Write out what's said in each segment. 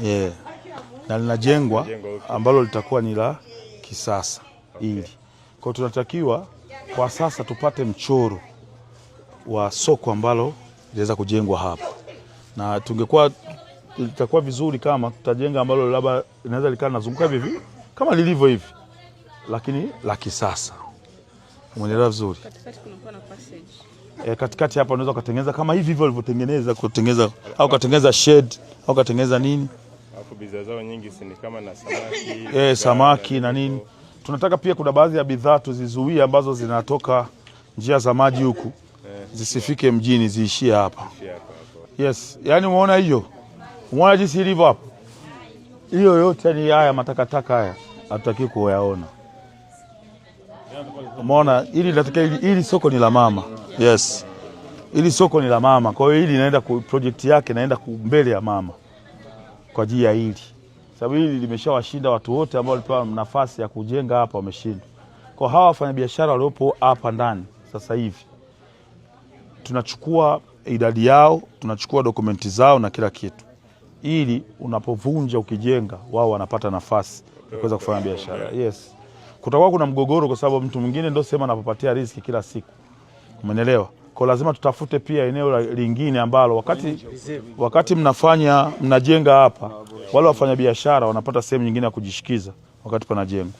yeah. na linajengwa ambalo litakuwa ni la kisasa okay. Ili kwa tunatakiwa kwa sasa tupate mchoro wa soko ambalo linaweza kujengwa hapa, na tungekuwa litakuwa vizuri kama tutajenga ambalo labda linaweza likaa linazunguka hivi kama lilivyo hivi, lakini la kisasa. Umeelewa vizuri? E, katikati hapa unaweza ukatengeneza kama hivi hivyo ulivyotengeneza kutengeneza au ukatengeneza shed wakatengeneza nini, alafu bidhaa zao nyingi si kama na samaki eh, samaki na nini. Tunataka pia, kuna baadhi ya bidhaa tuzizuie ambazo zinatoka njia za maji huku eh, zisifike mjini, ziishie hapa. Yes, yani umeona hiyo, umeona jinsi ilivyo hapa. Hiyo yote ni yaani haya matakataka haya, hatutaki kuyaona. Umeona, ili nataka ili soko ni la mama. Yes, ili soko ni la mama, kwa hiyo hili inaenda project yake inaenda mbele ya mama kwa ajili ya hili, sababu hili limeshawashinda watu wote ambao walipewa nafasi ya kujenga hapa, wameshindwa. Kwa hawa wafanyabiashara waliopo hapa ndani sasa hivi tunachukua idadi yao, tunachukua dokumenti zao na kila kitu, ili unapovunja ukijenga, wao wanapata nafasi ya kuweza kufanya biashara. Yes, kutakuwa kuna mgogoro, kwa sababu mtu mwingine ndio sema anapopatia riziki kila siku, umeelewa? Kwa lazima tutafute pia eneo lingine ambalo wakati, wakati mnafanya mnajenga hapa, wale wafanyabiashara wanapata sehemu nyingine ya kujishikiza wakati panajengwa,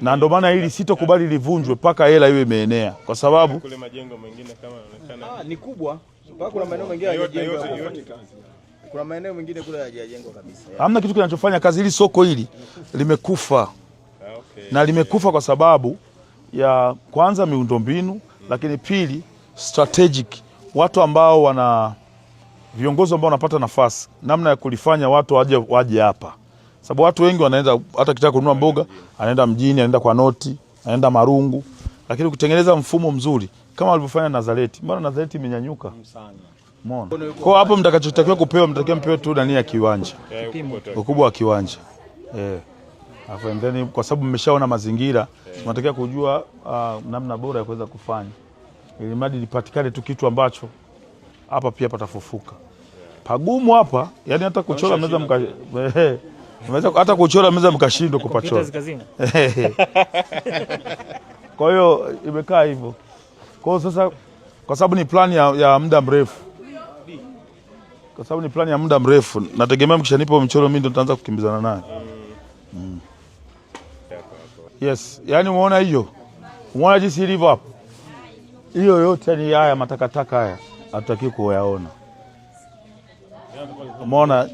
na ndio maana hili sitokubali livunjwe mpaka hela iwe imeenea, kwa sababu ah, ni kubwa. Kuna maeneo mengine kule kabisa. Hamna kitu kinachofanya kazi hili, soko hili limekufa ah, okay. Na limekufa kwa sababu ya kwanza miundombinu, hmm. lakini pili strategic, watu ambao wana viongozi ambao wanapata nafasi, namna ya kulifanya watu waje waje hapa, sababu watu wengi wanaenda, hata kitaka kununua mboga anaenda mjini, anaenda kwa Noti, anaenda Marungu, lakini ukitengeneza mfumo mzuri kama walivyofanya Nazareti, mbona Nazareti imenyanyuka sana? Kwa hapo mtakachotakiwa kupewa mtakiwa mpewe tu ndani ya kiwanja ukubwa wa kiwanja eh. Afu, and then kwa sababu mmeshaona mazingira, mnatakiwa kujua uh, namna bora ya kuweza kufanya ili mradi lipatikane tu kitu ambacho hapa pia patafufuka. Pagumu hapa, yani hata kuchora meza mka hata kuchora meza mkashindwa kupachora. Kwa hiyo imekaa hivyo. Kwa hiyo sasa, kwa sababu ni plani ya, ya muda mrefu, kwa sababu ni plani ya muda mrefu, nategemea mkishanipa mchoro mimi ndo nitaanza kukimbizana naye. Mm. Yes, yani umeona hiyo, umeona jinsi ilivyo hapo hiyo yote, ni haya matakataka haya hatutaki kuyaona, umeona.